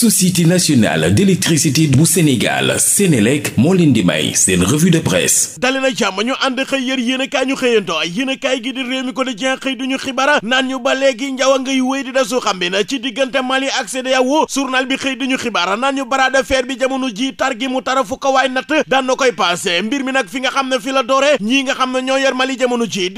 société nationale d'électricité bu Sénégal Sénélec moo leen di may seen revue de presse dali na jàmm ñu ànd xëy yër yéen a ñu xëyanto yéen a kaay gi di réew mi ko di jeex xëy duñu xibara naan ñu ba léegi njaw a ngay wéy di dasu xam bi na ci diggante Mali ak CEDEAO journal bi xëy duñu xibaara naan ñu bras de bi jamono ji tar gi mu tara fu ko natt daan na koy passé mbir mi nag fi nga xam ne fi la doore ñii nga xam ne ñoo yor Mali jamono yi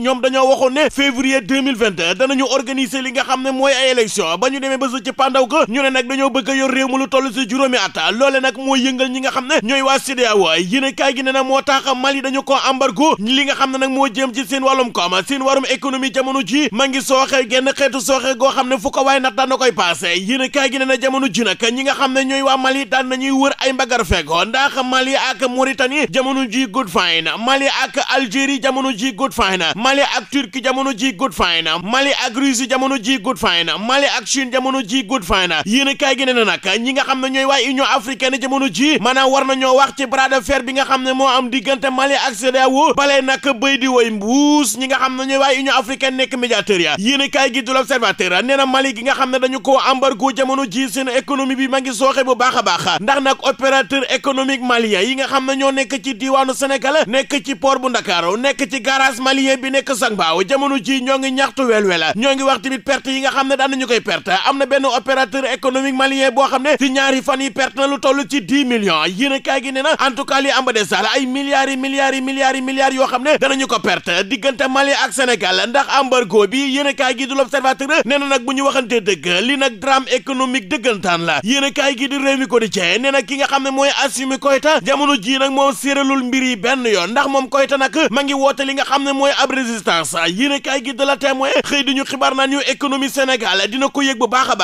ñoom dañoo waxoon ne février 2022 danañu organiser li nga xam ne mooy ay élection ba ba ci pandaw dañoo bëgg a yor réew mu lu toll si juróomi at loole nag moo yëngal ñi nga xam ne ñooy waa CEDEAO yéene kaay gi ne na moo tax Mali dañu ko embargo li nga xam ne nag moo jëm ci seen wàllum koom seen wàllum économie jamono ji ma ngi sooxe genn xeetu sooxe goo xam ne fu ko waaye nat daan na koy passé yéene kaay gi ne na jamono ji nag ñi nga xam ne ñooy waa Mali daan nañuy wër ay mbagar fekko ndax Mali ak Mauritanie jamono ji good fine Mali ak Algérie jamono ji good fine Mali ak Turquie jamono ji good fine Mali ak jamono ji good fine Mali ak Chine jamono ji good fine kaay gi nee na nag ñi nga xam ne ñooy waa Union africaine jamono ji maanaam war na ñoo wax ci bras de bi nga xam ne moo am diggante Mali ak CEDEAO balee nag béy di woy mbuus ñi nga xam ne ñooy waa Union africaine nekk médiateur ya yéen kaay gi du l'Observateur nee na Mali gi nga xam ne dañu ko embargo jamono ji seen économie bi ma ngi sooxe bu baax a baax ndax nag opérateur économique malien yi nga xam ne ñoo nekk ci diwaanu Sénégal nekk ci port bu Ndakaaru nekk ci garage malien bi nekk Sangbaaw jamono ji ñoo ngi ñaxtu wel wela ñoo ngi yi nga xam ne daan nañu koy perte am na benn opérateur économique malien boo xam ne ci ñaari fan yi perte na lu toll ci dix millions yéen gi ne na en tout cas li amba des ay milliards yi milliards yi milliards yi milliards yoo xam ne danañu ko perte diggante Mali ak Sénégal ndax embargo bi yéen a kaay gi du l'observateur nee la yéen a na ki nga xam ne mooy Assimi Koïta jamono ji nag moom séeralul mbir yi benn yoon ndax moom Koïta nag ma ngi woote li nga xam ne mooy ab résistance yéen a kaay gi de la témoin xëy di ñu xibaar naa ñu économie ko yëg bu baax a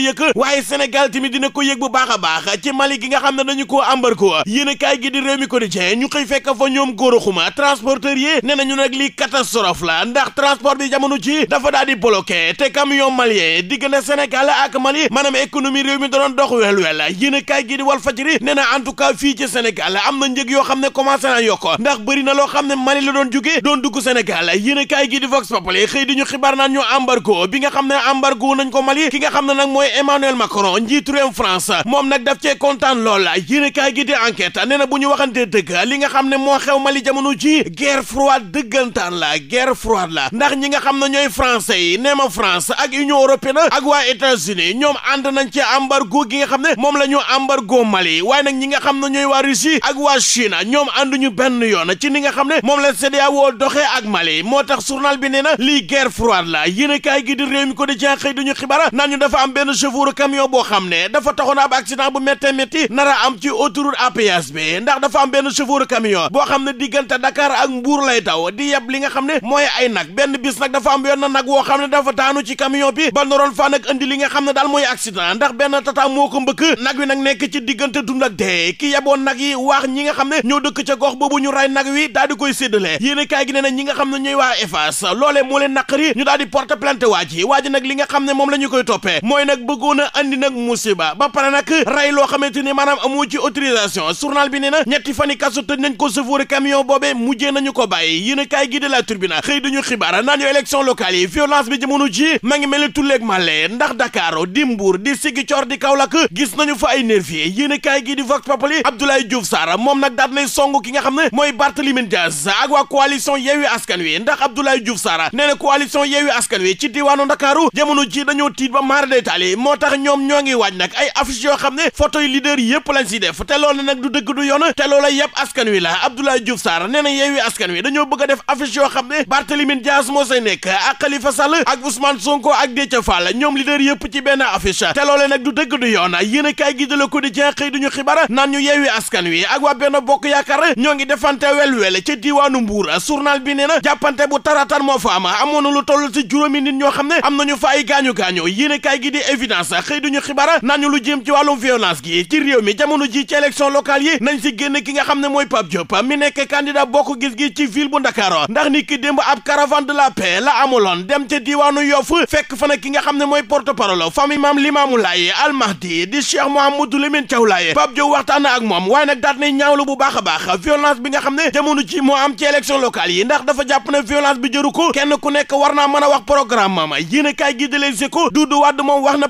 yëg waaye Sénégal tamit dina ko yëg bu baax a baax ci Mali gi nga xam ne dañu koo ambar ko yéen kaay gi di réew mi quotidien ñu xëy fekk ñoom góor xuma transporteur yi nee nañu nag lii catastrophe la ndax transport bi jamono ci dafa daal di bloqué te camion malien diggante Sénégal ak Mali maanaam économie réew mi doon dox wel-wel yéen kaay gi di wal fajri nee na en ci Sénégal am na njëg yoo xam ne commencé na yokk ndax bëri xam ne Mali la doon mooy Emmanuel Macron njiitu réew France moom nag daf cee kontaan lool yéenekaay gi di enquête nee na bu ñu waxantee dëgg li nga xam ne moo xew Mali jamono ji guerre froide dëggantaan la guerre froide la ndax ñi nga xam ne ñooy français yi nee ma France ak Union européenne ak waa états ñoom ànd nañ ci embargo gi nga xam ne moom la ñu embargo Mali waaye nag ñi nga xam ne ñooy waa Russie ak waa Chine ñoom ànduñu benn yoon ci ni nga xam ne moom la CEDEAO doxee ak Mali moo tax journal bi nee na lii guerre la yéenekaay gi di réew ko di jeexee duñu ñu dafa am benn chauffeur camion boo xam ne dafa taxoon ab accident bu méttee métti nara am ci autoroute à péage ndax dafa am benn chauffeur camion boo xam ne diggante Dakar ak Mbour lay daw di yeb li nga xam ne mooy ay nag benn bis nag dafa am yoon na nag woo xam ne dafa daanu ci camion bi ba noroon fa nag indi li nga xam ne daal mooy accident ndax benn tata moo ko mbëkk nag wi nag nekk ci dee ki yeboon nag yi waax ñi nga xam ne ñoo dëkk ca gox boobu ñu ray nag wi daal koy séddale yéen kaay gi na ñi nga xam ne ñooy waa EFAS loolee moo leen la ñu nag bëggoon a andi nag musiba ba pare nag rey loo xamante ni maanaam amoo ci autorisation journal bi nee na ñetti fani kaso tëj nañ ko chauffeur mujjee nañu ko bàyyi yéen a kaay gi de la Tribune xëy dañu xibaar naan yoo élection locale yi violence bi jamono ji ma ngi mel ni tulleeg màlle ndax Dakar di Mbour di Ziguinchor di Kaolack gis nañu fa ay nervis yéen a kaay gi di Vox Populi Abdoulaye moom nag daal nay song ki nga xam ne mooy Barthélémy Dias ak waa coalition Yewwi Askan Wi ndax Abdoulaye Diouf Sarr nee na coalition Yewwi Askan Wi ci diwaanu Ndakaaru jamono ji dañoo tiit ba maara day taali yi moo tax ñoom ñoo ngi waaj nag ay affiche yoo xam ne photo yi leader yëpp lañ si def te loolu nag du dëgg du yoon te loola yëpp askan wi la Abdoulaye Diouf Sarr nee na yeewi askan wi dañoo bëgg def affiche yoo xam ne Barthélémy Dias moo say nekk ak Khalifa sal ak Ousmane Sonko ak Déthié Fall ñoom leader yëpp ci benn affiche te loolee nag du dëgg du yoon yéen a kaay gi de la quotidien xëy duñu xibaar naan ñu yeewi kan wi ak waa benn bokk yaakaar ñoo ngi defante welwel ci diwaanu Mbour journal bi nee na jàppante bu taratar moo fa am amoon lu toll ci juróomi nit ñoo xam ne am nañu fa ay gaañu gaañu gi di évidence xëy duñu xibara nañu lu jëm ci wàllum violence gi ci réew ji ci élection locale yi nañ si génn ki nga xam ne mooy Pape Diop mi nekk candidat bokk gis gi ci ville bu Ndakaaru ndax ni ki démb ab caravane la paix la amuloon dem ca diwaanu Yoff fekk fana ki nga xam ne mooy porte parole famille maam Limaamu Laay Al Mahdi di Cheikh Mouhamadou Lamine Thiaw Laay Pape Diop waxtaan na ak moom waaye nag daat na ñaawlu bu a baax ne jamono ji moo am ci bi jëru a a